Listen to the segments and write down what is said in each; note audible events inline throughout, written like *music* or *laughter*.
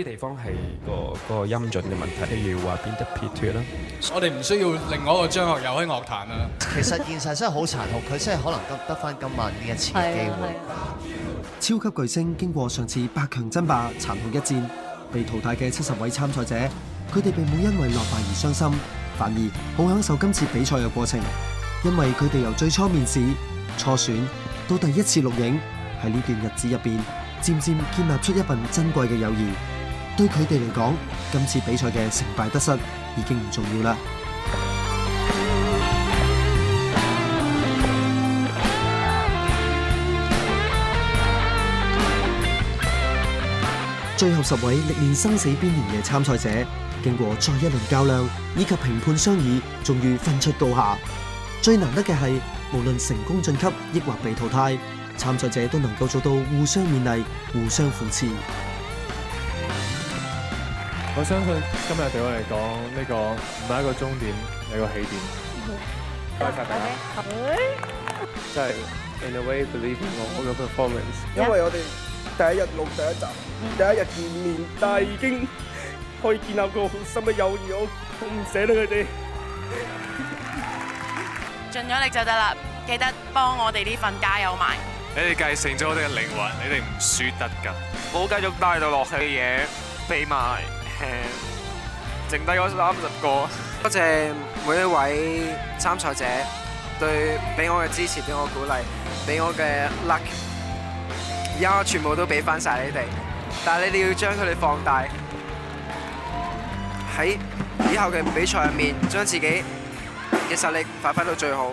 啲地方係個個音準嘅問題，例如話變得撇脱啦。我哋唔需要另外一個張學友喺樂壇啦。 *laughs* 其實現實真係好殘酷，佢真係可能得得翻咁萬年一次嘅機會。超級巨星經過上次百強爭霸殘酷一戰被淘汰嘅七十位參賽者，佢哋並冇因為落敗而傷心，反而好享受今次比賽嘅過程，因為佢哋由最初面試初選到第一次錄影，喺呢段日子入邊漸漸建立出一份珍貴嘅友誼。對佢哋嚟講，今次比賽嘅成敗得失已經唔重要啦。最後十位歷練生死邊緣嘅參賽者，經過再一輪較量以及評判商議，終於分出高下。最難得嘅係，無論成功晉級抑或被淘汰，參賽者都能夠做到互相勉勵、互相扶持。我相信今日對我嚟講，呢個唔係一個終點，係個起點。拜拜，拜拜。真係，In a way, believe in 我個 performance。因為我哋第一日錄第一集，第一日見面，但係已經可以建立個好深嘅友誼，我我唔捨得佢哋。盡咗力就得啦，記得幫我哋呢份加油埋。你哋繼承咗我哋嘅靈魂，你哋唔輸得㗎。冇繼續帶到落去嘅嘢，俾埋。誒，剩低嗰三十個，多謝每一位參賽者對俾我嘅支持、俾我鼓勵、俾我嘅 luck。而家我全部都俾翻晒你哋，但係你哋要將佢哋放大喺以後嘅比賽入面，將自己嘅實力發揮到最好。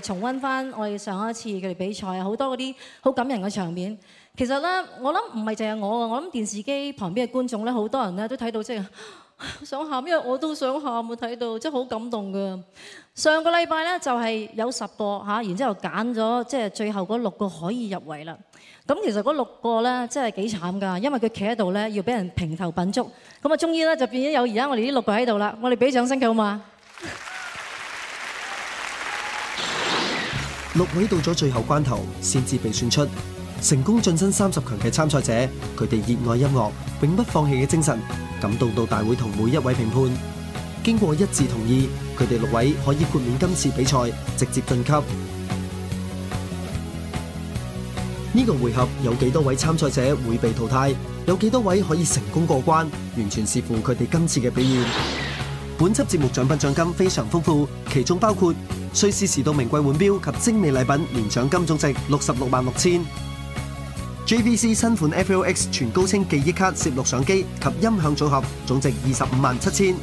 重溫翻我哋上一次佢哋比賽啊，好多嗰啲好感人嘅場面。其實咧，我諗唔係淨係我啊，我諗電視機旁邊嘅觀眾咧，好多人咧都睇到即係想喊，因為我都想喊，冇睇到，即係好感動噶。上個禮拜咧就係有十個嚇，然之後揀咗即係最後嗰六個可以入圍啦。咁其實嗰六個咧真係幾慘噶，因為佢企喺度咧要俾人平頭品足。咁啊，終於咧就變咗有而家我哋呢六個喺度啦。我哋俾掌聲佢好嘛？六位到咗最後關頭，先至被選出成功晉身三十強嘅參賽者，佢哋熱愛音樂、永不放棄嘅精神，感動到大會同每一位評判。經過一致同意，佢哋六位可以豁免今次比賽，直接晉級。呢個回合有幾多位參賽者會被淘汰？有幾多位可以成功過關？完全視乎佢哋今次嘅表現。本輯節目獎品獎金非常豐富，其中包括瑞士時到名貴腕錶及精美禮品，連獎金總值六十六萬六千；JVC 新款 FLX 全高清記憶卡攝錄相機及音響組合，總值二十五萬七千；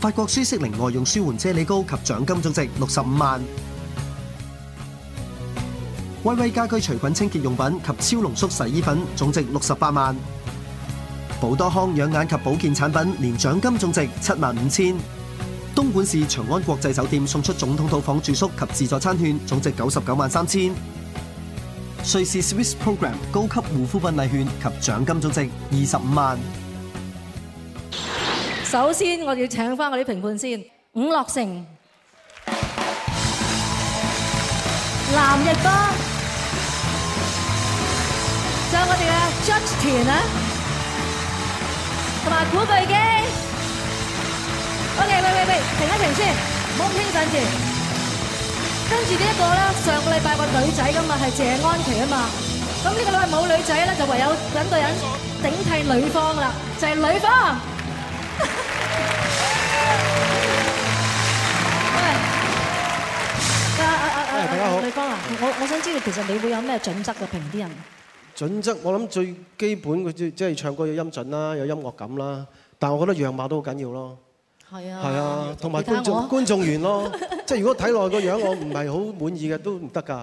法國舒適靈外用舒緩啫喱膏及獎金總值六十五萬；威威家居除菌清潔用品及超濃縮洗衣粉，總值六十八萬。寶多康養眼及保健產品年獎金總值七萬五千。東莞市長安國際酒店送出總統套房住宿及自助餐券總值九十九萬三千。瑞士 Swiss Program 高級護膚品禮券及獎金總值二十五萬。首先，我哋要請翻我哋評判先，伍樂城、藍奕邦，仲有我哋嘅 Judge 團啊！同埋古巨基，OK？喂喂喂，停一停先，唔好傾偈住。跟住呢一個咧，上個禮拜個女仔噶嘛係謝安琪啊嘛，咁呢個禮拜冇女仔咧，就唯有兩個人頂替呂方啦，就係呂方。喂，家家家家家好，呂方啊，我我想知道其實你會有咩準則嘅評啲人？準則，我諗最基本嘅即係唱歌有音準啦，有音樂感啦。但我覺得樣貌都好緊要咯。係啊，係啊，同埋觀眾觀眾緣咯， *laughs* 即係如果睇落個樣我唔係好滿意嘅都唔得㗎。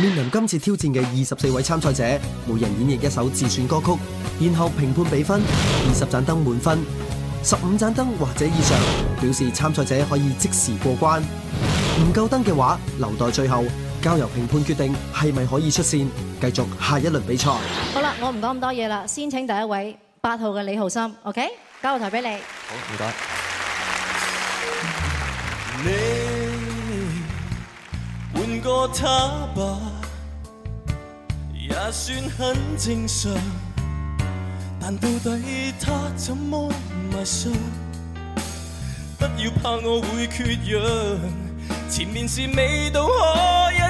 面臨今次挑戰嘅二十四位參賽者，每人演繹一首自選歌曲，然後評判比分。二十盞燈滿分，十五盞燈或者以上表示參賽者可以即時過關，唔夠燈嘅話留待最後。交由評判決定係咪可以出線，繼續下一輪比賽。好啦，我唔講咁多嘢啦，先請第一位八號嘅李浩森，OK？交個台俾你。好，唔該。你換個他吧，也算很正常。但到底他怎麼賣相？不要怕我會缺氧，前面是味道可以。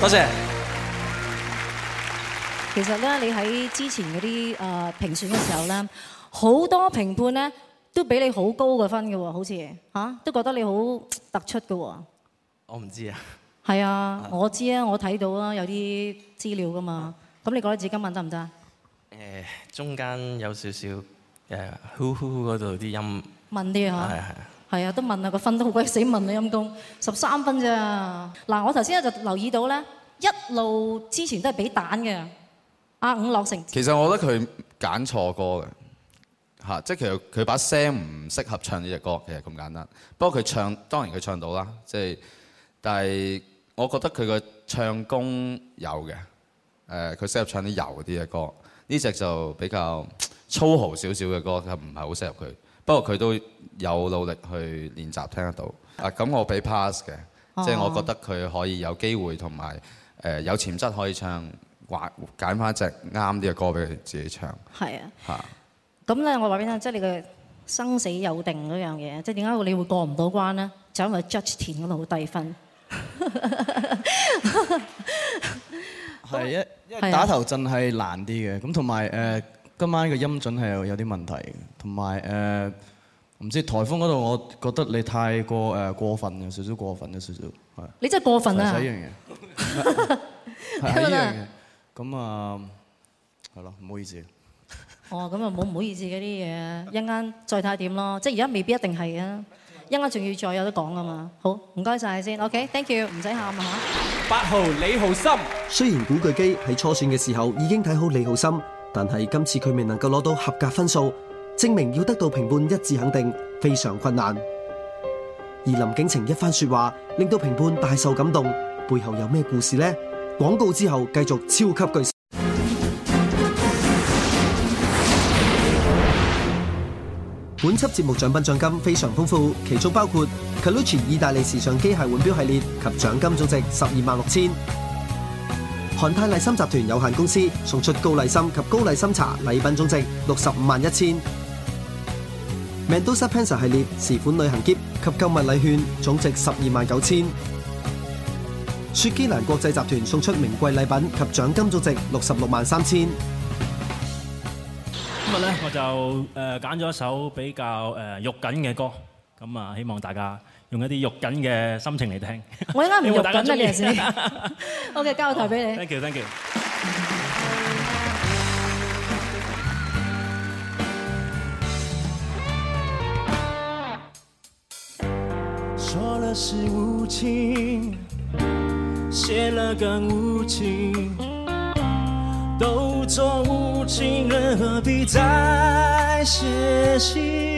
多謝，謝。其實咧，你喺之前嗰啲誒評選嘅時候咧，好多評判咧都俾你好高嘅分嘅喎，好似嚇、啊、都覺得你好突出嘅喎。我唔知啊。係啊，我知啊，我睇到啊，有啲資料噶嘛。咁、嗯、你覺得自己今晚得唔得啊？誒，中間有少少誒呼呼嗰度啲音，問啲啊。係係。係啊，都問啊，個分都好鬼死問啊！陰功十三分啫。嗱，我頭先咧就留意到咧，一路之前都係俾彈嘅。阿伍樂城，其實我覺得佢揀錯歌嘅吓，即係其實佢把聲唔適合唱呢隻歌，其實咁簡單。不過佢唱當然佢唱到啦，即係，但係我覺得佢嘅唱功有嘅。誒，佢適合唱啲柔啲嘅歌，呢隻就比較粗豪少少嘅歌，就唔係好適合佢。不過佢都有努力去練習，聽得到啊！咁我俾 pass 嘅，即、哦、係我覺得佢可以有機會同埋誒有潛質可以唱，或揀翻一隻啱啲嘅歌俾佢自己唱。係啊，嚇！咁咧我話俾你聽，即係你嘅生死有定嗰樣嘢，即係點解你會過唔到關咧？就因為 judging 嗰度好低分。係啊，因為打頭陣係難啲嘅，咁同埋誒。今晚個音準係有啲問題，同埋誒唔知台風嗰度，我覺得你太過誒過分，有少少過分，有少少係。你真係過分啊！唔使呢樣嘢。係呢樣嘢。咁啊，係咯，唔好意思。哦，咁啊，冇唔好意思嘅啲嘢，一陣間再睇下點咯。即係而家未必一定係啊，一陣間仲要再有得講啊嘛。好，唔該晒先。OK，thank you，唔使喊啊嚇。八號李浩森。雖然古巨基喺初選嘅時候已經睇好李浩森。但係今次佢未能夠攞到合格分數，證明要得到評判一致肯定非常困難。而林景晴一番說話，令到評判大受感動。背後有咩故事呢？廣告之後繼續超級巨星。本輯節目獎品獎金非常豐富，其中包括 Calucci 意大利時尚機械腕錶系列及獎金總值十二萬六千。韓泰麗參集團有限公司送出高麗參及高麗參茶禮品總值六十五萬一千。名都室 Pension 系列時款旅行喼及購物禮券總值十二萬九千。雪肌蘭國際集團送出名貴禮品及獎金總值六十六萬三千。今日呢我就誒揀咗一首比較誒肉緊嘅歌，咁啊希望大家。用一啲肉緊嘅心情嚟聽，我應該唔肉緊啊！陣時，好嘅，交個台俾你。Thank you，Thank you。說了是無情，寫了更無情，都做無情人，何必再寫信？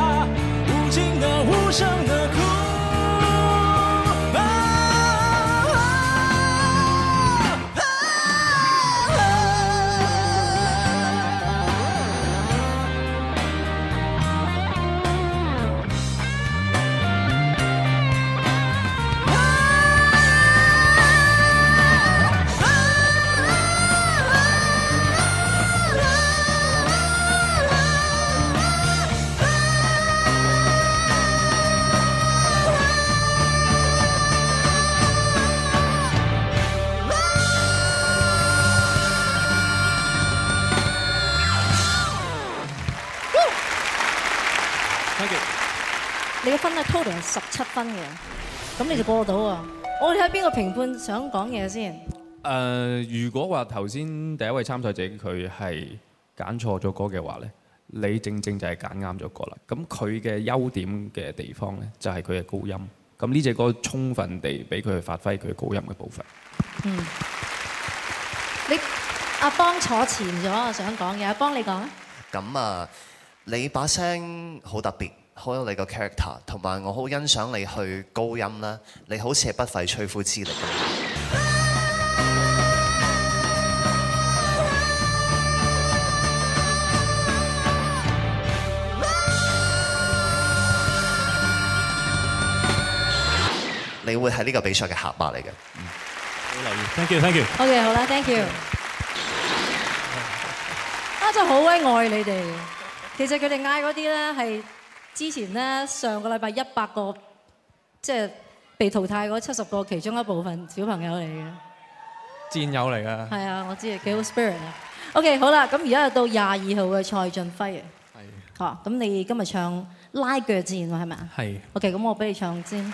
分啊，total 係十七分嘅，咁你就過到啊。我哋睇下邊個評判想講嘢先。誒，如果話頭先第一位參賽者佢係揀錯咗歌嘅話咧，你正正就係揀啱咗歌啦。咁佢嘅優點嘅地方咧，就係佢嘅高音。咁呢隻歌充分地俾佢去發揮佢高音嘅部分，你。嗯。你阿邦坐前咗，我想講嘢。阿邦你，你講。咁啊，你把聲好特別。好有你個 character，同埋我好欣賞你去高音啦！你好似係不費吹灰之力咁。你會係呢個比賽嘅黑馬嚟嘅。好留意，thank you，thank you。OK，好啦，thank you。啊，真係好鬼愛你哋！其實佢哋嗌嗰啲咧係～之前咧，上個禮拜一百個，即係被淘汰嗰七十個其中一部分的小朋友嚟嘅，戰友嚟嘅。係啊，我知啊，幾好的 spirit 啊。OK，好啦，咁而家到廿二號嘅蔡俊輝啊，係，嚇，咁你今日唱拉腳戰喎係咪啊？係。OK，咁我俾你唱先。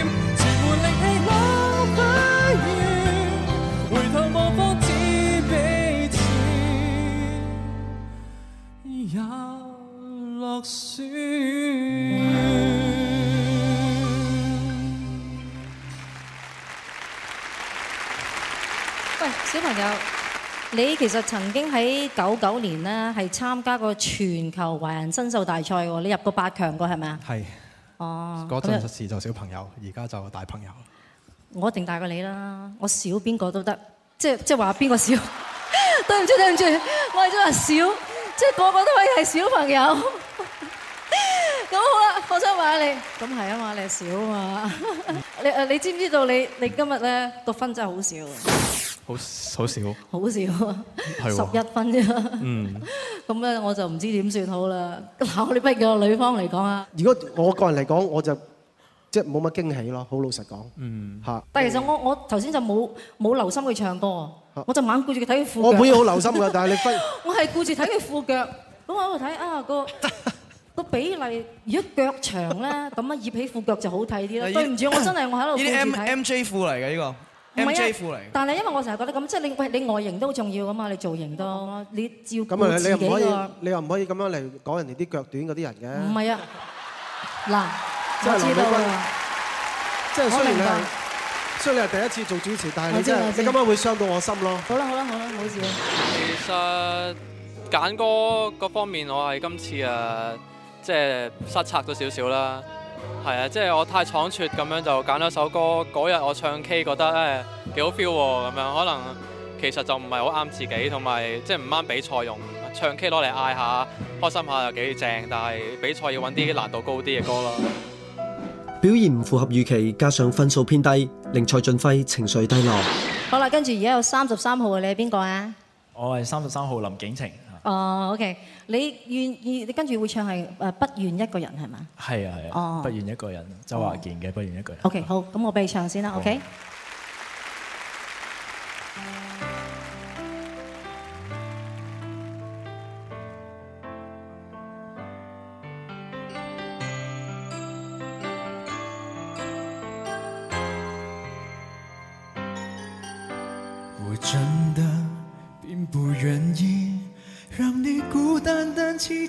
下雪喂，小朋友，你其實曾經喺九九年呢係參加過全球華人新秀大賽你入過八強嘅係咪啊？係。哦，嗰陣時就是小朋友，而家就是大朋友。我一定大過你啦，我少邊個都得，即係即係話邊個少？對唔住對唔住，我係咁話少。即係個個都可以係小朋友，咁好啦！我想問下你，咁係啊嘛？你係少啊嘛？你誒，你知唔知道你你今日咧個分真係好少，好好少，好少，十一分啫。嗯，咁咧我就唔知點算好啦。嗱，我哋不如叫呂方嚟講啊。如果我個人嚟講，我就即係冇乜驚喜咯。好老實講，嗯，嚇。但係其實我我頭先就冇冇留心去唱歌。我就猛顧住佢睇佢褲腳。我本意好留心㗎，但係你忽然，我係顧住睇佢褲腳，咁我喺度睇啊個個比例，如果腳長咧，咁啊揫起褲腳就好睇啲啦。對唔住，我真係我喺度顧住睇。呢 M M J 褲嚟嘅呢個，M J 褲嚟。但係因為我成日覺得咁，即係你喂，你外形都好重要㗎嘛，你造型多，你照顧自己個。你又唔可以，你又唔可以咁樣嚟講人哋啲腳短嗰啲人嘅。唔係啊，嗱就係呢個。我明白。雖然你係第一次做主持，知但係你真係你今晚會傷到我心咯。好啦好啦好啦，冇事。其實揀歌嗰方面，我係今次啊，即係失策咗少少啦。係啊，即係我太倉促咁樣就揀咗首歌。嗰日我唱 K 覺得誒幾好 feel 喎，咁樣可能其實就唔係好啱自己，同埋即係唔啱比賽用。唱 K 攞嚟嗌下開心下又幾正，但係比賽要揾啲難度高啲嘅歌啦。表現唔符合預期，加上分數偏低，令蔡俊輝情緒低落。好啦，跟住而家有三十三號嘅，你係邊個啊？我係三十三號林景晴。哦，OK，你願意？你跟住會唱係誒《不願一個人》係咪？係啊係啊。哦。《不願一個人》，周華健嘅《不願一個人》。OK，好，咁我俾你唱先啦，OK。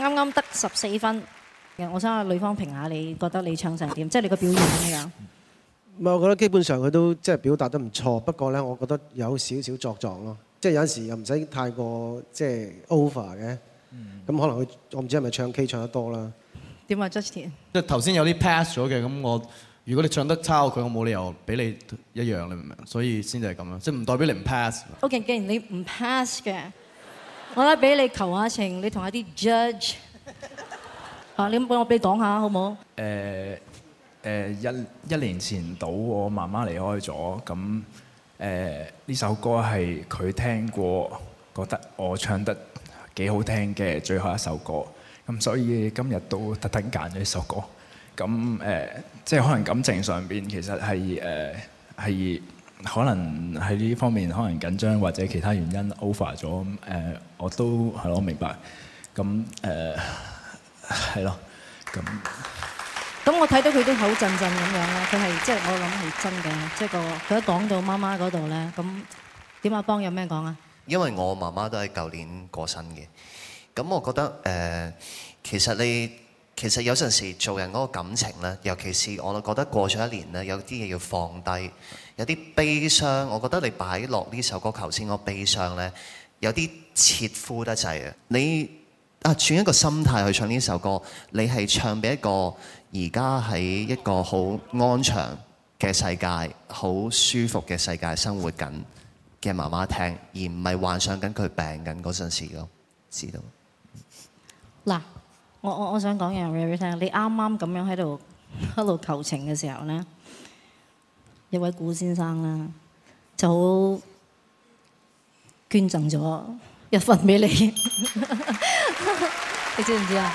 啱啱得十四分，其實我想阿呂方評下，你覺得你唱成點？即係你個表現點樣？唔係，我覺得基本上佢都即係表達得唔錯，不過咧，我覺得有少少作狀咯。即係有陣時又唔使太過即係 over 嘅。嗯。咁可能佢，我唔知係咪唱 K 唱得多啦。點啊，Justin？即係頭先有啲 pass 咗嘅，咁我如果你唱得差過佢，我冇理由俾你一樣，你明唔明？所以先至係咁樣，即係唔代表你唔 pass。OK，既然你唔 pass 嘅。我咧俾你求下情，你同一啲 judge，啊，你幫我俾講下好冇？誒誒，一一年前到我媽媽離開咗，咁誒呢首歌係佢聽過，覺得我唱得幾好聽嘅最後一首歌，咁所以今日都特登揀咗呢首歌，咁誒即係可能感情上邊其實係誒係。可能喺呢方面可能緊張或者其他原因 over 咗，誒我都係咯，我明白。咁誒係咯，咁咁我睇到佢都好震震咁樣啦，佢係即係我諗係真嘅，即係個佢一講到媽媽嗰度咧，咁點啊邦有咩講啊？因為我媽媽都係舊年過身嘅，咁我覺得誒、呃、其實你。其實有陣時做人嗰個感情呢，尤其是我覺得過咗一年呢，有啲嘢要放低，有啲悲傷。我覺得你擺落呢首歌頭先嗰悲傷呢，有啲切膚得滯嘅。你啊轉一個心態去唱呢首歌，你係唱俾一個而家喺一個好安詳嘅世界、好舒服嘅世界生活緊嘅媽媽聽，而唔係幻想緊佢病緊嗰陣時囉，知道？嗱。我我我想講嘢,俾你聽,你啱啱咁樣喺度求情嘅時候咧,一位古先生啦,就好,捐贈咗,一分俾你。你知唔知啊?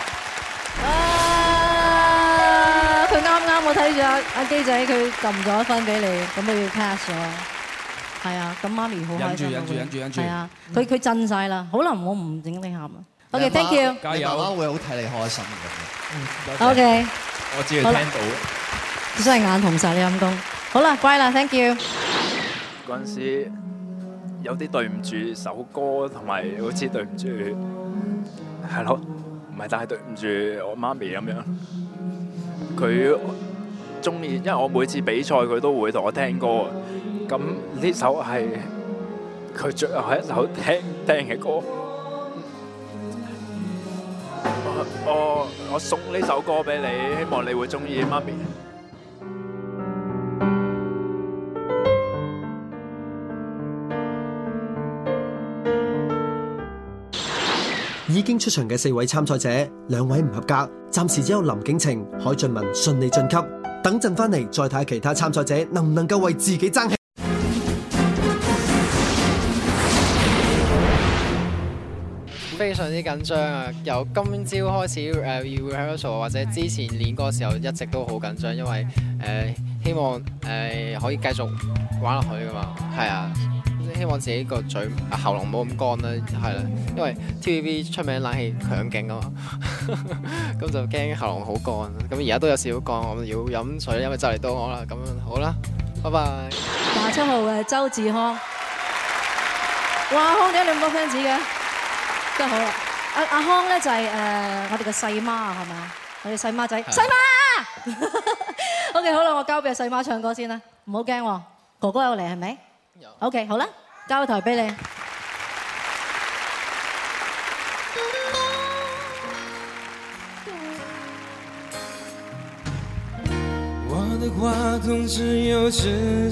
O.K. Thank you。加油！爸爸會好睇你開心咁。O.K. 我只要聽到。真係眼紅曬你陰公。好啦，乖啦，Thank you。嗰陣時有啲對唔住首歌，同埋好似對唔住。係咯，唔係，但係對唔住我媽咪咁樣。佢中意，因為我每次比賽佢都會同我聽歌。咁呢首係佢最後一首聽聽嘅歌。我我送呢首歌俾你，希望你會中意媽咪。已經出場嘅四位參賽者，兩位唔合格，暫時只有林景晴、海俊文順利晉級。等陣翻嚟，再睇下其他參賽者能唔能夠為自己爭氣。非常之緊張啊！由今朝開始誒要 rehearsal，或者之前練歌時候一直都好緊張，因為誒希望誒可以繼續玩落去噶嘛，係啊！希望自己個嘴喉嚨冇咁乾啦，係啦，因為 TVB 出名冷氣強勁啊嘛，咁就驚喉嚨好乾。咁而家都有少少乾，我要飲水，因為就嚟到我啦。咁好啦，拜拜。廿七號誒周志康，哇！康仔你有咁多 fans 嘅。真好啊！阿阿康咧就係誒我哋個細媽係嘛？我哋細媽，媽仔，細媽 *laughs* o、okay, k 好啦，我交俾阿細媽唱歌先啦，唔好驚喎，哥哥有嚟係咪？有，OK 好啦，交一台俾你。我的話有的有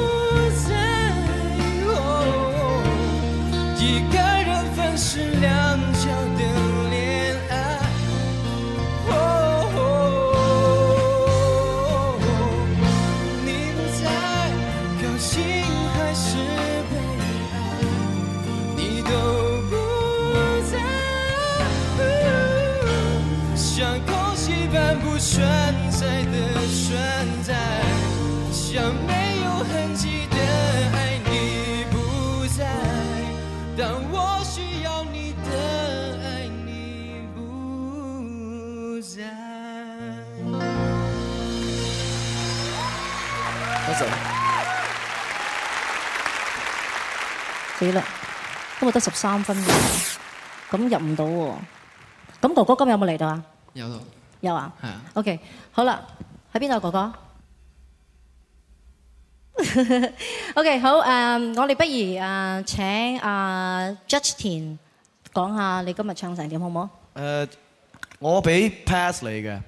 得十三分嘅，咁入唔到喎。咁哥哥今日有冇嚟到啊？有到。有啊。係啊。O K，好啦，喺邊度，哥哥。O K，好誒，我哋不如誒請阿 Justin 講下你今日唱成點好唔好？誒，我俾 pass 你嘅。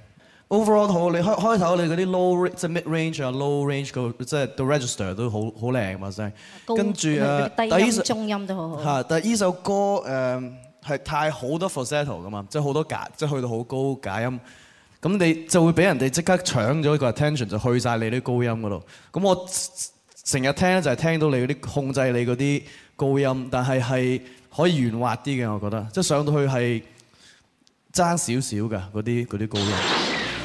overall 好，你開開頭你嗰啲 low 即係 mid range 啊，low range 個即係到 register 都好好靚嘛，聲。跟住誒，低音中音，音，音都好好。嚇、啊，但係呢首歌誒係太好多 falsetto 嘅嘛，即係好多假，即係去到好高假音。咁你就會俾人哋即刻搶咗個 attention，就去晒你啲高音嗰度。咁我成日聽咧就係、是、聽到你嗰啲控制你嗰啲高音，但係係可以圓滑啲嘅，我覺得。即係上到去係爭少少嘅啲嗰啲高音。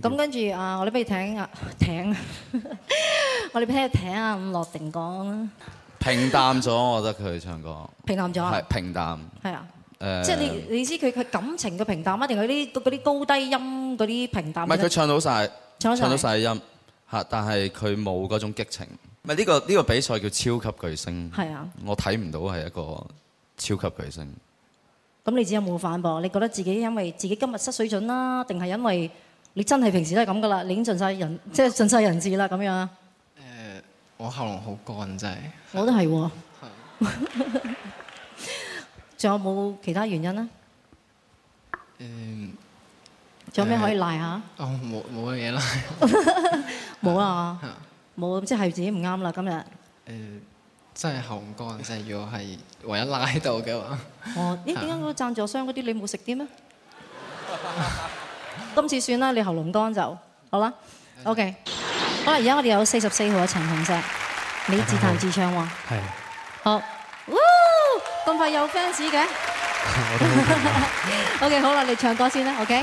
咁跟住啊，我哋不如聽啊，聽，我聽，聽，聽，聽我他，我哋聽下聽啊，伍樂城講啦。平淡咗，我覺得佢唱歌平淡咗。平淡咗啊！係平淡。係啊。誒，即係你你知佢佢感情嘅平淡一定係啲啲高低音嗰啲平淡？唔係佢唱到晒唱到曬音嚇，但係佢冇嗰種激情。唔係呢個呢個比賽叫超級巨星。係啊。我睇唔到係一個超級巨星。咁你之後有冇反駁？你覺得自己因為自己今日失水準啦，定係因為？你真係平時都係咁噶啦，你已經盡曬人，即係盡曬人事啦咁樣。誒，我喉嚨好乾真係。我都係喎。係。仲有冇其他原因呢？誒。仲有咩可以賴下？哦，冇冇乜嘢啦。冇啦。係。冇，即係自己唔啱啦今日。誒，真係喉唔乾，真係如果係唯一賴到嘅話。哦，咦？點解個贊助商嗰啲你冇食啲咩？今次算啦，你喉嚨乾就好啦。OK，好啦，而家我哋有四十四號嘅陳紅石，你自彈自唱喎。係，好，咁快有 fans 嘅。OK，好啦，你唱歌先啦。OK。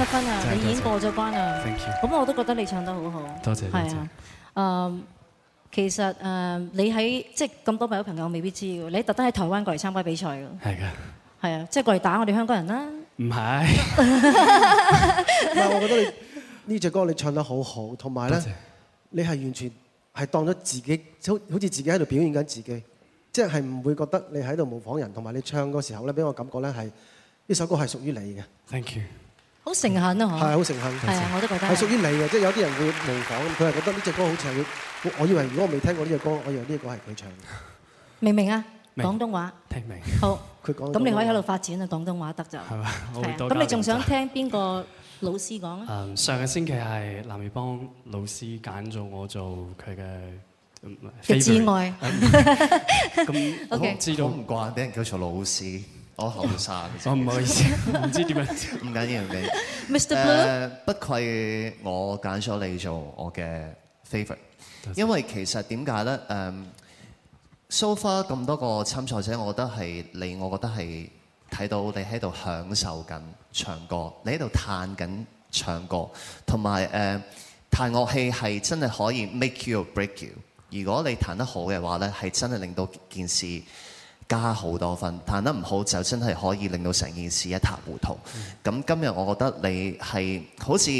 七分啊！你已經過咗關啦。咁我都覺得你唱得好好。多謝，謝。係啊。誒，其實誒，你喺即係咁多位朋友未必知嘅，你特登喺台灣過嚟參加比賽嘅。係㗎。係啊，即係過嚟打我哋香港人啦。唔係。 *laughs* 但我覺得呢隻歌你唱得好好，同埋咧，謝謝你係完全係當咗自己，好似自己喺度表演緊自己，即係唔會覺得你喺度模仿人，同埋你唱嗰時候咧，俾我感覺咧係呢首歌係屬於你嘅。Thank you。好誠懇啊，我後生，我唔好意思，唔知點樣，唔緊要唔緊要。Mr.、Po? 不愧我揀咗你做我嘅 favourite，因為其實點解咧？誒，so far 咁多個參賽者，我覺得係你，我覺得係睇到你喺度享受緊唱，唱歌，你喺度嘆緊唱歌，同埋誒彈樂器係真係可以 make you break you。如果你彈得好嘅話咧，係真係令到件事。加好多分，彈得唔好就真係可以令到成件事一塌糊塗。咁、嗯、今日我覺得你係好似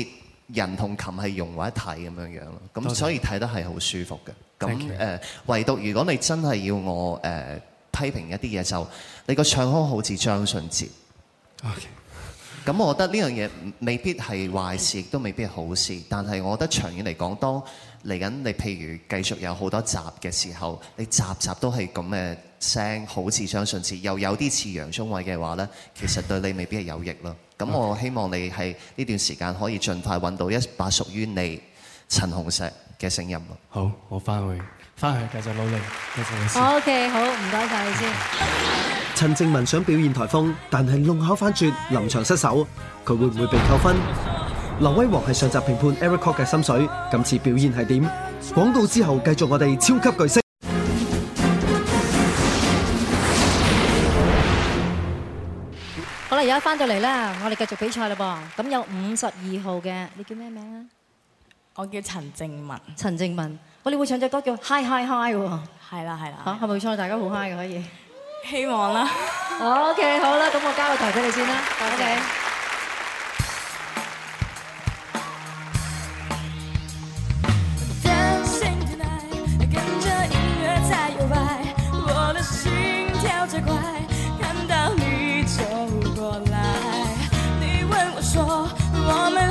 人同琴係融為一體咁樣樣咯，咁所以睇得係好舒服嘅。咁、呃、唯獨如果你真係要我、呃、批評一啲嘢，就你個唱腔好似張信哲。咁我覺得呢樣嘢未必係壞事，亦都未必係好事。但係我覺得長遠嚟講，當嚟緊你譬如繼續有好多集嘅時候，你集集都係咁嘅，聲好似張信哲，又有啲似楊宗偉嘅話呢，其實對你未必係有益咯。咁我希望你係呢段時間可以盡快揾到一把屬於你陳紅石嘅聲音。好，我翻去，翻去繼續努力，繼續努力 O K，好，唔該晒。謝謝你先。陳正文想表現颱風，但係弄巧反拙，臨場失手，佢會唔會被扣分？劉威煌係上集評判 Eric Kwok 嘅心水，今次表現係點？廣告之後，繼續我哋超級巨星。而家翻到嚟啦，我哋繼續比賽啦噃。咁有五十二號嘅，你叫咩名啊？我叫陳靜文。陳靜文，我哋會唱隻歌叫《嗨嗨嗨》喎。係啦，係啦，嚇係冇錯，大家好嗨嘅可以。希望啦。OK，好啦，咁我交個台俾你先啦，大家嘅。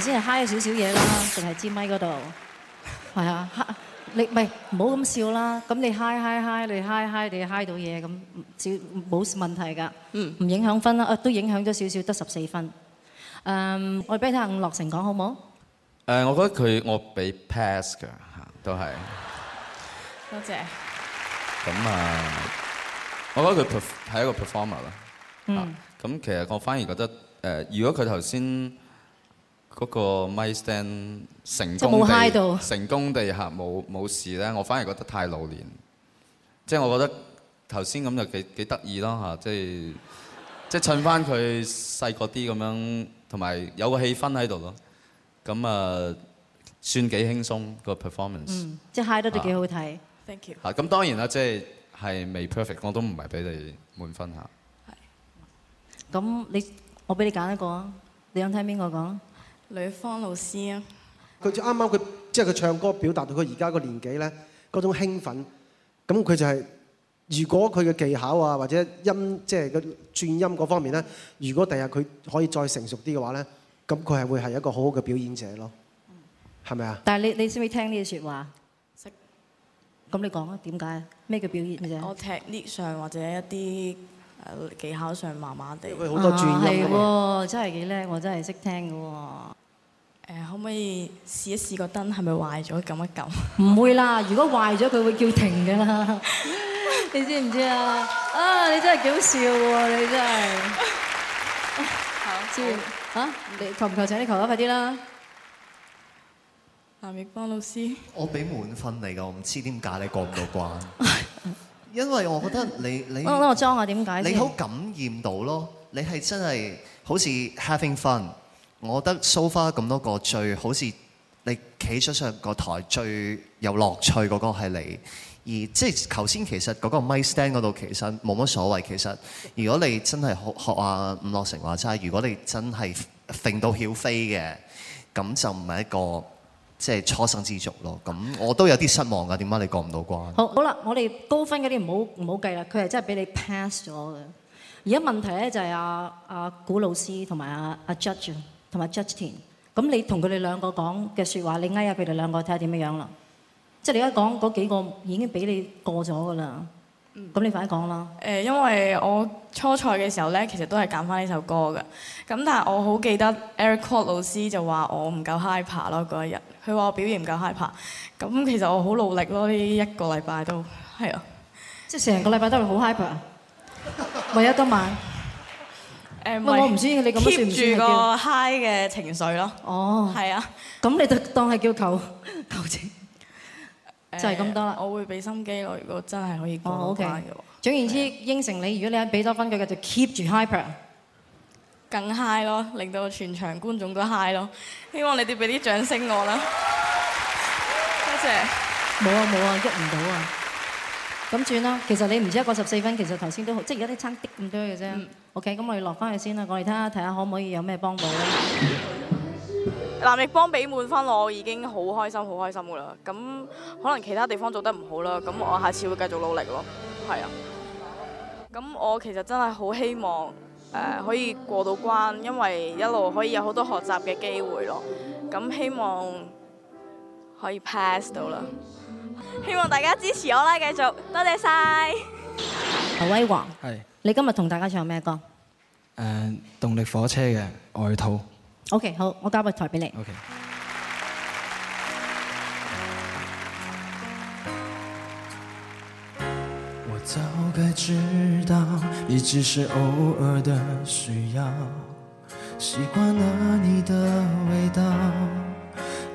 先係 high 咗少少嘢啦，仲係支咪嗰度，係啊，你唔係唔好咁笑啦。咁你 high high high，你 high high 地 high 到嘢咁，少冇問題㗎。嗯，唔影響分啦。啊，都影響咗少少，得十四分。嗯，我俾睇下伍樂城講好唔好？誒，我覺得佢我俾 pass 㗎吓，都係。多謝。咁啊，我覺得佢係一個 performer 啦。嗯。咁其實我反而覺得誒，如果佢頭先。嗰、嗰個 My Stand 成功冇 high 到，成功地嚇冇冇事咧，我反而覺得太老練，即係我覺得頭先咁就幾幾得意咯嚇，即係即係襯返佢細個啲咁樣，同埋有，有個氣氛喺度咯，咁啊算幾輕鬆，個 performance，嗯。即係 high 得都幾好睇，thank you。嚇、啊、咁、啊、當然啦，即係係未 perfect，我都唔係俾你滿分嚇。係，咁你我俾你揀一個啊，你想聽邊個講？女方老師啊，佢就啱啱佢即係佢唱歌表達到佢而家個年紀咧，嗰種興奮，咁佢就係，如果佢嘅技巧啊或者音即係個轉音嗰方面咧，如果第日佢可以再成熟啲嘅話咧，咁佢係會係一個好好嘅表演者咯，係咪啊？但係你你識唔識聽呢啲説話？識，咁你講啊？點解咩叫表演者？嗯、聽演我踢啲上或者一啲技巧上麻麻地，喂好多轉音啊！真係幾叻，我真係識聽㗎喎。誒，可唔可以試一試個燈係咪壞咗？撳一撳。唔會啦，如果壞咗佢會叫停噶啦，你知唔知啊？啊，你真係幾好笑喎！你真係。好，朱啊，你求唔求請啲球啊？快啲啦！藍奕邦老師，我俾滿分你㗎，我唔知點解你過唔到關，因為我覺得你你，我裝下點解？你好感染到咯，你係真係好似 having fun。我覺得 s o w 花咁多個最好似你企咗上個台最有樂趣嗰個係你。而即係頭先其實嗰個 m i stand 嗰度其實冇乜所謂，其實如果你真係學學阿伍樂成話齋，如果你真係揈到曉飛嘅，咁就唔係一個即係初生之足咯。咁我都有啲失望㗎。點解你過唔到關？好好啦，我哋高分嗰啲唔好唔好計啦。佢係真係俾你 pass 咗嘅。而家問題咧就係阿阿古老師同埋阿阿 Judge。同埋 Judge 田，咁你同佢哋兩個講嘅説話，你挨下佢哋兩個睇下點樣樣啦。即係你一講嗰幾個已經俾你過咗噶啦。嗯，咁你快啲講啦。誒，因為我初賽嘅時候咧，其實都係揀翻呢首歌噶。咁但係我好記得 Eric Kwok 老師就話我唔夠 hyper 咯，嗰一日。佢話我表現唔夠 hyper。咁其實我好努力咯，呢一個禮拜都係啊。即係成個禮拜都係好 hyper。唯一今晚。誒，我唔知你咁 keep 住個 high 嘅情緒咯。哦，係啊，咁你就當係叫求求情，就係咁多啦。我會俾心機咯，如果真係可以過關嘅。總言之，應承你，如果你喺俾多分佢嘅，就 keep 住 hyper，更 high 咯，令到全場觀眾都 high 咯。希望你哋俾啲掌聲我啦。多謝。冇啊冇啊，喐唔到啊！咁轉啦，其實你唔知一個十四分，其實頭先都好，即係而家啲差啲咁多嘅啫。OK，咁我哋落翻去先啦，我哋睇下睇下可唔可以有咩幫補啦。藍奕邦俾滿分，我已經好開心，好開心噶啦。咁可能其他地方做得唔好啦，咁我下次會繼續努力咯。係啊。咁我其實真係好希望誒、呃、可以過到關，因為一路可以有好多學習嘅機會咯。咁希望可以 pass 到啦。希望大家支持我啦，繼續多謝晒。劉威王，係你今日同大家唱咩歌？誒，uh，動力火車嘅外套。OK，好，我交個台俾你。OK。我早該知道，你只是偶爾的需要，習慣了你的味道。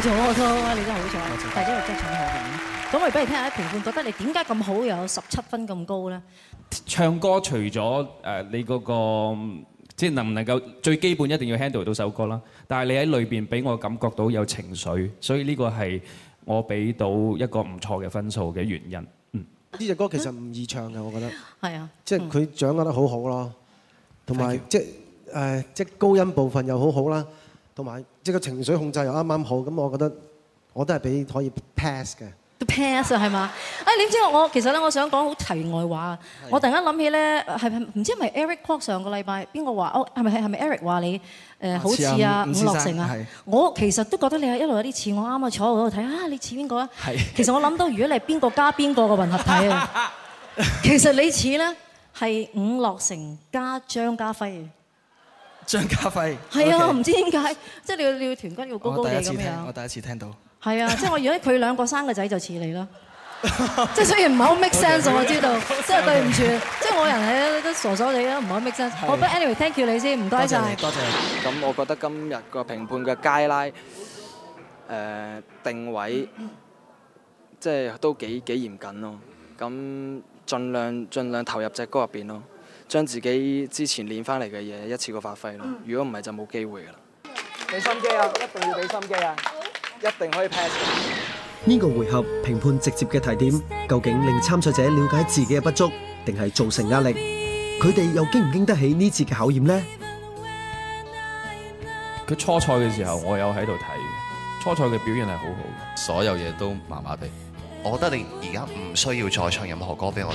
錯，你真係好錯！大姐你真係唱得好。咁我哋俾你聽下評判覺得你點解咁好又有十七分咁高咧？唱歌除咗誒你嗰個即係能唔能夠最基本一定要 handle 到首歌啦，但係你喺裏邊俾我感覺到有情緒，所以呢個係我俾到一個唔錯嘅分數嘅原因。嗯，呢隻歌其實唔易唱嘅，我覺得。係啊，即係佢掌握得好好咯，同埋即係誒即係高音部分又好好啦。即係個情緒控制又啱啱好，咁我覺得我都係俾可以 pass 嘅。都 pass 啊，係嘛？誒，你知我，其實咧，我想講好題外話啊。我突然間諗起咧，係唔知係咪 Eric 上個禮拜邊個話？哦，係咪係咪 Eric 話你誒好似啊？伍、啊、樂城啊，係我其實都覺得你係一路有啲似我剛剛，啱啱坐喺度睇啊，你似邊個啊？係。其實我諗到，如果你係邊個加邊個嘅混合體啊？ *laughs* 其實你似咧係伍樂城加張家輝。張家輝係啊，唔知點解，即係你要你要團結要高高嘅咁樣啊！我第一次聽，我第一次聽到係啊！即係我如果佢兩個生個仔就似你啦，即係雖然唔係好 make sense，我知道，真係對唔住，即係我人係都傻傻地啦，唔係好 make sense。好，but anyway，thank you 你先，唔該曬。多謝，多謝。咁我覺得今日個評判嘅街拉誒定位，即係都幾幾嚴謹咯。咁盡量盡量投入隻歌入邊咯。將自己之前練翻嚟嘅嘢一次過發揮咯，如果唔係就冇機會噶啦。俾心機啊，一定要俾心機啊，一定可以 pass。呢個回合評判直接嘅提點，究竟令參賽者了解自己嘅不足，定係造成壓力？佢哋又經唔經得起呢次嘅考驗呢？佢初賽嘅時候，我有喺度睇嘅，初賽嘅表現係好好嘅，所有嘢都麻麻地。我覺得你而家唔需要再唱任何歌俾我。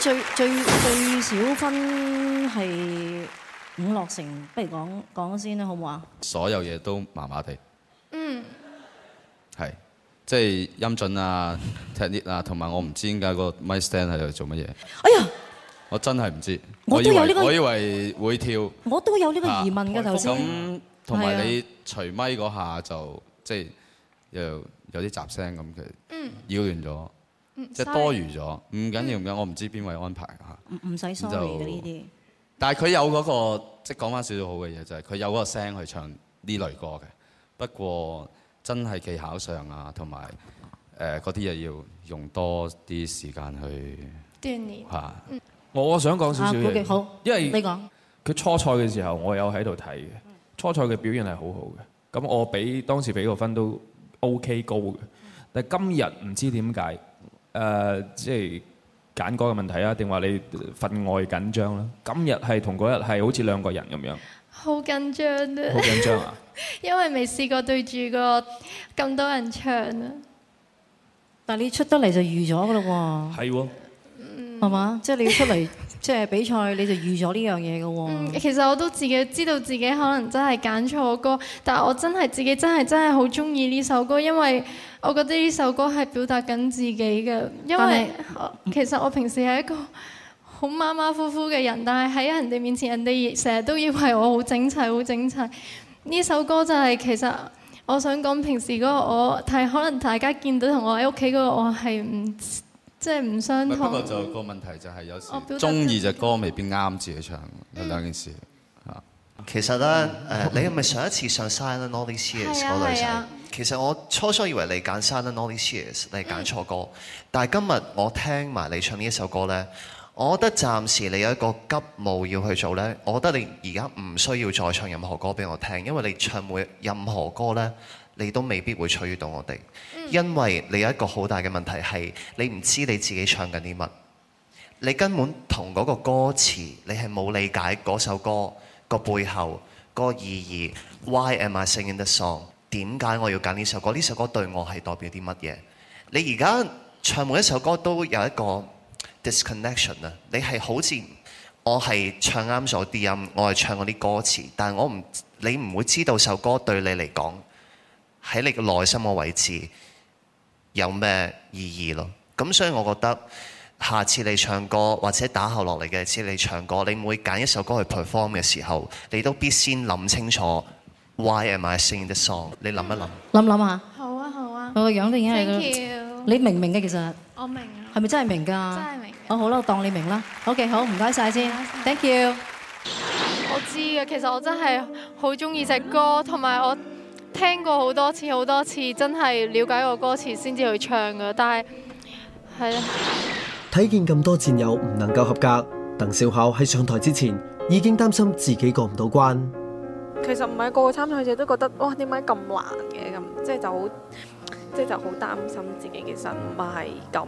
最最最少分係五六成，不如講講先啦，好唔好啊？所有嘢都麻麻地。嗯。係，即係音準啊、踢 note 啊，同埋我唔知點解個 microphone 喺度做乜嘢。哎呀！我真係唔知道。我都有呢個我。我以為會跳。我都有呢個疑問㗎，頭先。同埋你除咪嗰下就即係又有啲雜聲咁佢嗯。擾亂咗。即係多餘咗，唔緊要唔緊，我唔知邊位安排嚇。唔使多餘呢啲，但係佢有嗰個，即係講翻少少好嘅嘢，就係佢有個聲去唱呢類歌嘅。不過真係技巧上啊，同埋誒嗰啲嘢要用多啲時間去鍛鍊嚇。我想講少少嘢，因為你講佢初賽嘅時候我有喺度睇嘅，初賽嘅表現係好好嘅。咁我俾當時俾個分都 OK 高嘅，但係今日唔知點解。誒，即係揀歌嘅問題啊，定話你份外緊張咧？今日係同嗰日係好似兩個人咁樣。好緊張啊！好緊張啊！因為未試過對住個咁多人唱啊！但係你出得嚟就預咗㗎啦喎。係喎，係嘛？即係你要出嚟。即係比賽，你就預咗呢樣嘢嘅喎。嗯，其實我都自己知道自己可能真係揀錯歌，但係我真係自己真係真係好中意呢首歌，因為我覺得呢首歌係表達緊自己嘅。因為其實我平時係一個好馬馬虎虎嘅人，但係喺人哋面前，人哋成日都以為我好整齊，好整齊。呢首歌就係其實我想講平時嗰個我，但係可能大家見到同我喺屋企嗰個我係唔。即係唔相同。不過就個問題就係有時中意隻歌未必啱自己唱，有兩件事嚇、嗯嗯嗯。其實咧，誒，你係咪上一次上 Silent All These Years 嗰女仔？其實我初初以為你揀 Silent All These Years，你係揀錯歌。但係今日我聽埋你唱呢首歌咧，我覺得暫時你有一個急務要去做咧，我覺得你而家唔需要再唱任何歌俾我聽，因為你唱每任何歌咧。你都未必會催到我哋，因為你有一個好大嘅問題，係你唔知你自己唱緊啲乜，你根本同嗰個歌詞你係冇理解嗰首歌個背後個意義。Why am I singing the song？點解我要揀呢首歌？呢首，首歌對我係代表啲乜嘢？你而家唱每一首歌都有一個 disconnection 啊！你係好似我係唱啱咗啲音，我係唱嗰啲歌詞，但係我唔你唔會知道首歌對你嚟講，喺你個內心個位置有咩意義咯？咁所以我覺得下次你唱歌或者打後落嚟嘅次你唱歌，你每揀一首歌去 perform 嘅時候，你都必先諗清楚 Why am I singing the song？你諗一諗，諗唔諗啊？好啊，好啊，我個樣都已經係，Thank you. 你明唔明嘅其實？我明啊，係咪真係明㗎？真係明。我好啦，我當你明啦。OK 好唔該晒，先，Thank you。我知嘅，其實我真係好中意隻歌，同埋我。聽過好多次好多次，多次真係了解過歌詞先至去唱噶。但係係啊，睇見咁多戰友唔能夠合格，鄧小巧喺上台之前已經擔心自己過唔到關。其實唔係個個參賽者都覺得哇，點解咁難嘅咁？即係就好，即係就好擔心自己的身，其實唔係咁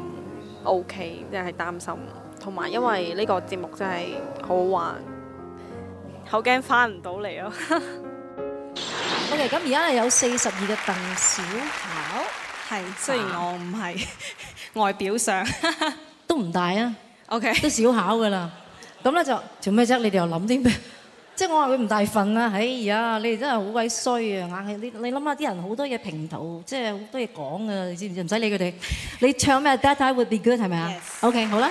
OK，即係擔心。同埋因為呢個節目真係好玩，好驚翻唔到嚟咯。 *laughs* OK，咁而家係有四十二嘅鄧小巧，係雖然我唔係外表上都唔大啊。OK，都小巧噶啦。咁咧就做咩啫？你哋又諗啲咩？即係我話佢唔大份啦。哎呀，你哋真係好鬼衰啊！硬係你你諗下啲人好多嘢評頭，即係好多嘢講啊！你知唔知？唔使理佢哋。你唱咩？That I Would Be Good 係咪啊？OK，好啦。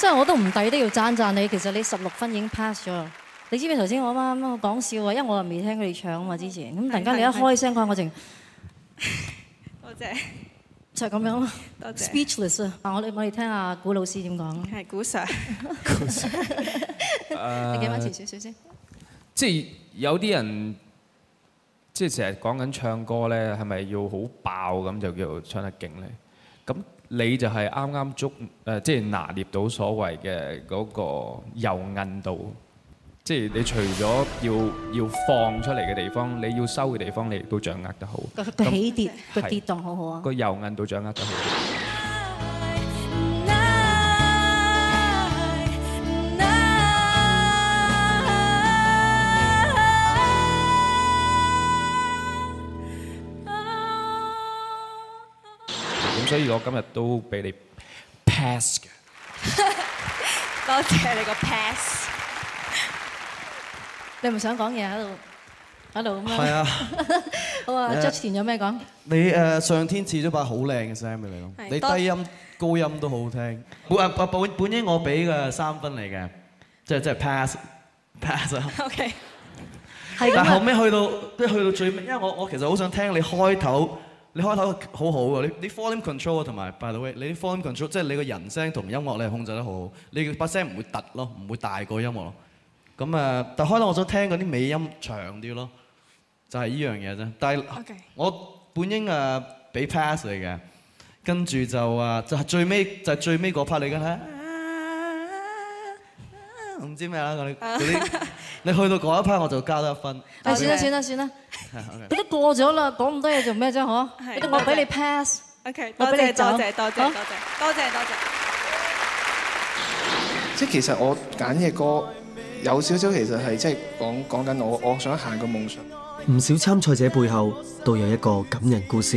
即係我都唔抵都要贊贊你，其實你十六分已經 pass 咗。你知唔知頭先我啱啱講笑啊，因為我又未聽佢哋唱啊嘛，之前咁突然間你一開聲，我我就多謝就係咁樣咯。Speechless 啊！我我哋聽下古老師點講。係古 Sir。古，Sir 古 Sir, *laughs* 呃就是就是、Sir。你幾蚊前少少先？即係有啲人即係成日講緊唱歌咧，係咪要好爆咁就叫唱得勁咧？咁你就係啱啱捉誒，即係、就是、拿捏到所謂嘅嗰個柔韌度，即係你除咗要要放出嚟嘅地方，你要收嘅地方你，你、亦、都掌握得好。個起跌、個跌宕好好啊，個柔韌度掌握得好。所以我今日都俾你 pass 嘅。多謝你個 pass。你唔想講嘢喺度，喺度咁樣？係啊。我話卓賢有咩講？你誒上天賜咗把好靚嘅聲俾你咯。你低音高音都好好聽。本本本本應我俾嘅三分嚟嘅，即係即係 pass pass。OK。係啊。但後尾去到，即係去到最尾，因為我我其實好想聽你開頭。你開頭好好啊，你你 volume control 同埋 by the way，你啲 volume control 即係你個人聲同音樂你控制得好好，你把聲唔會突咯，唔會大過音樂咯。咁啊，但開頭我想聽嗰啲尾音長啲咯，就係呢樣嘢啫。但係我本應啊俾 pass 嚟嘅，跟住就啊就係最尾就係最尾嗰 part 你睇下。唔知咩啦嗰啲。你去到嗰一 part 我就加多一分。誒，算啦算啦算啦，都過咗啦，講咁多嘢做咩啫？嗬，我俾你 pass。OK，多謝多謝多謝多謝多謝多謝。即係其實我揀嘅歌有少少，其實係即係講講緊我我想行嘅夢想。唔少參賽者背後都有一個感人故事。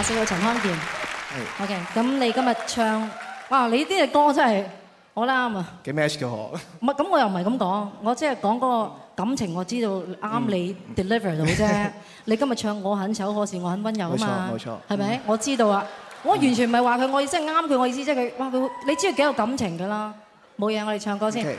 阿 Sir 陳康健，OK，咁你今日唱，哇！你呢隻歌真係好啱啊，幾 match 嘅嗬。唔係，咁我又唔係咁講，我即係講嗰個感情，我知道啱你 deliver 到啫。你今日唱我很醜，可是，我很溫柔啊嘛，冇錯冇錯，係咪？我知道啊，我完全唔係話佢，我意思係啱佢，我意思即係佢，哇！佢你知道幾有感情嘅啦，冇嘢，我哋唱歌先。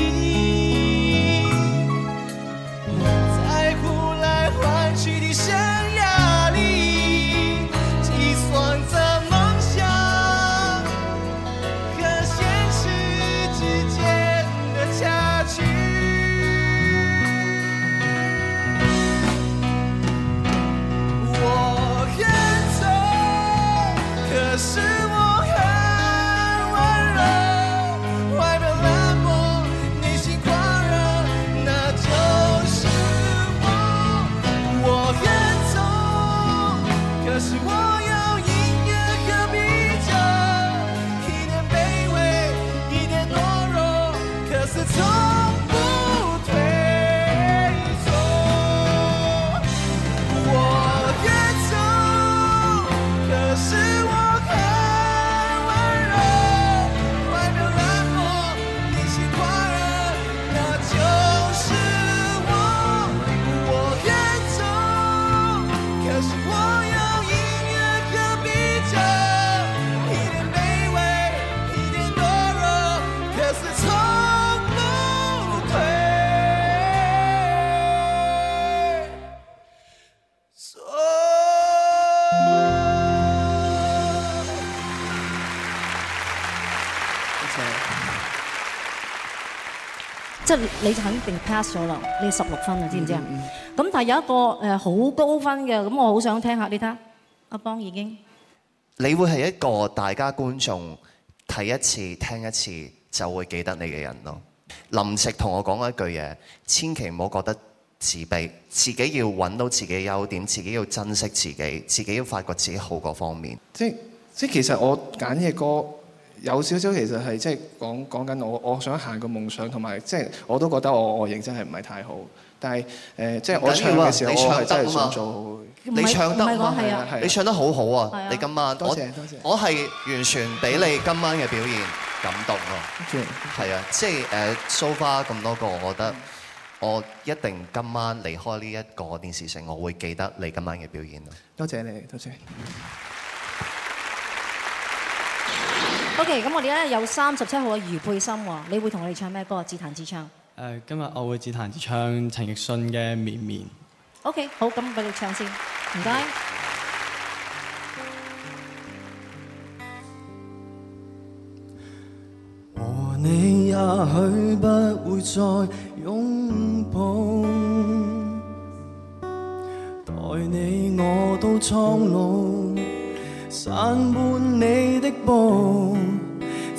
即係你就肯定 pass 咗啦，你十六分啦，知唔知啊？咁、嗯嗯嗯、但係有一個誒好高分嘅，咁我好想聽下你睇阿邦已經，你會係一個大家觀眾睇一次、聽一次就會記得你嘅人咯。林夕同我講一句嘢，千祈唔好覺得自卑，自己要揾到自己嘅優點，自己要珍惜自己，自己要發掘自己好嗰方面。即即其實我揀嘅歌。有少少其實係即係講講緊我我想行個夢想，同埋即係我都覺得我外形真係唔係太好但是，但係誒即係我唱嘅時候你唱得啊嘛，你唱得啊嘛好，你唱得，你唱得好唱得好啊！你今晚我，多謝多謝我係完全俾你今晚嘅表現感動啊！係啊，即係誒 so far 咁多個，我覺得我一定今晚離開呢一個電視城，我會記得你今晚嘅表演咯。多謝你，多謝，多謝。O.K.，咁我哋咧有三十七號嘅余佩森喎，你會同我哋唱咩歌？自彈自唱。誒，今日我會自彈自唱陳奕迅嘅《綿綿》。O.K.，好，咁繼續唱先，唔該。和你也許不會再擁抱，待你我都蒼老，散滿你的步。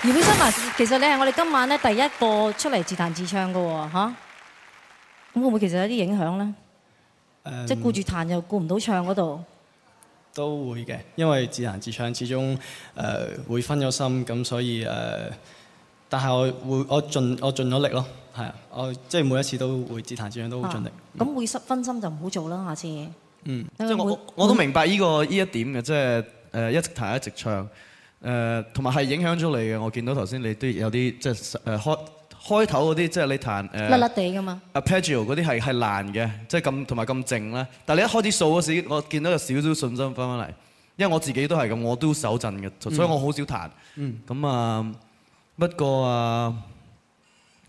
而本身啊，其實你係我哋今晚咧第一個出嚟自彈自唱嘅，吓、啊、咁會唔會其實有啲影響咧？即係顧住彈又顧唔到唱嗰度，都會嘅，因為自彈自唱始終誒、呃、會分咗心，咁所以誒、呃，但係我會我盡我盡咗力咯，係啊，我即係、就是、每一次都會自彈自唱都好盡力。咁、啊嗯、會失分心就唔好做啦，下次。嗯，即係我我都明白呢、這個呢、這個、一點嘅，即係誒一直彈一直唱。誒，同埋係影響咗你嘅。我見到頭先你都有啲即係誒開開頭嗰啲，即係你彈誒，甩甩地㗎嘛。Arpeggio 嗰啲係係難嘅，即係咁同埋咁靜咧。但係你一開始數嗰時候，我見到有少少信心翻翻嚟。因為我自己都係咁，我都手震嘅，所以我好少彈。咁啊，不過啊，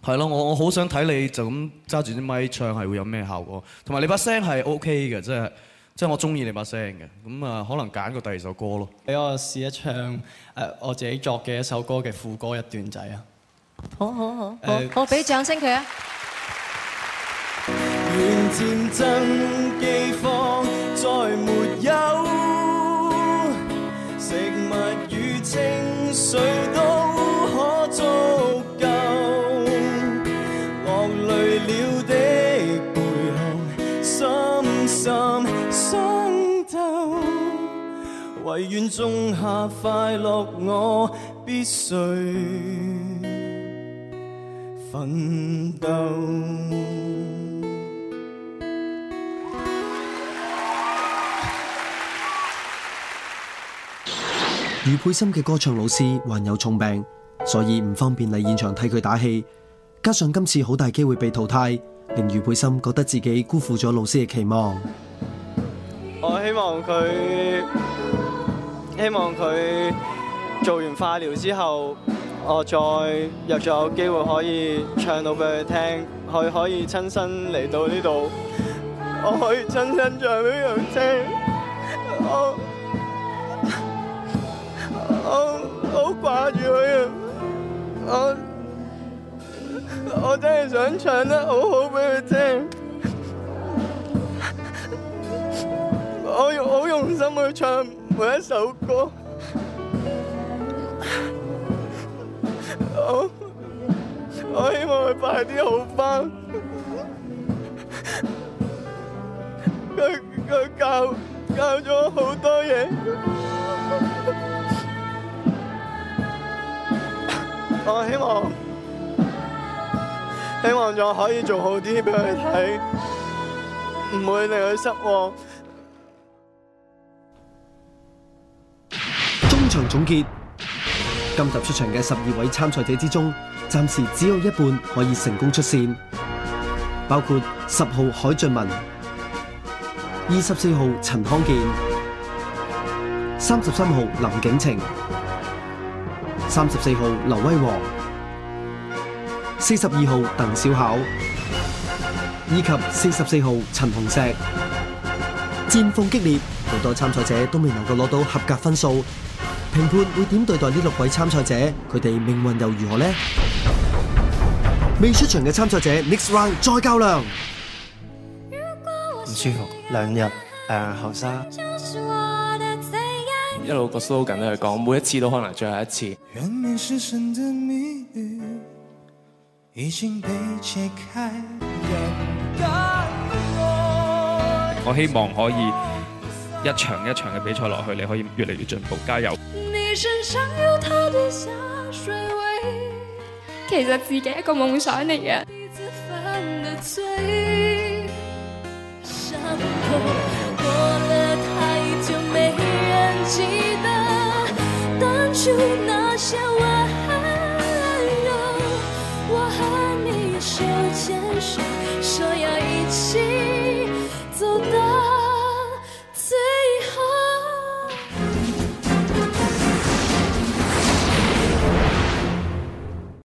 係咯，我我好想睇你就咁揸住啲咪唱，係會有咩效果？同埋你把聲係 OK 嘅，即係。即係我中意你把聲嘅，咁啊，可能揀個第二首歌咯。俾我試一唱誒我自己作嘅一首歌嘅副歌一段仔啊！好好好，好，我俾掌聲佢啊！再沒有。唯願種下快樂，我必須奮鬥。余佩心嘅歌唱老師患有重病，所以唔方便嚟現場替佢打氣。加上今次好大機會被淘汰，令余佩心覺得自己辜負咗老師嘅期望。我希望佢。希望佢做完化療之後，我再入，再有機會可以唱到俾佢聽，佢可以親身嚟到呢度，我可以親身唱俾佢聽。我我好掛住佢啊！我我真係想唱得好好俾佢聽，我好用心去唱。每一首歌，我我希望佢快啲好返。佢佢教教咗好多嘢，我希望，希望我可以做好啲俾佢睇，唔會令佢失望。總結，今集出場嘅十二位參賽者之中，暫時只有一半可以成功出線，包括十號海俊文、二十四號陳康健、三十三號林景晴、三十四號劉威和、四十二號鄧小巧，以及四十四號陳紅石。戰況激烈，好多參賽者都未能夠攞到合格分數。評判會點對待呢六位參賽者？佢哋命運又如何呢？未出場嘅參賽者，next round 再較量。唔舒服，兩日誒後生，一路個 slogan 都係講，每一次都可能最後一次。我希望可以。一場一場嘅比賽落去，你可以越嚟越進步，加油！其實自己一個夢想嚟嘅。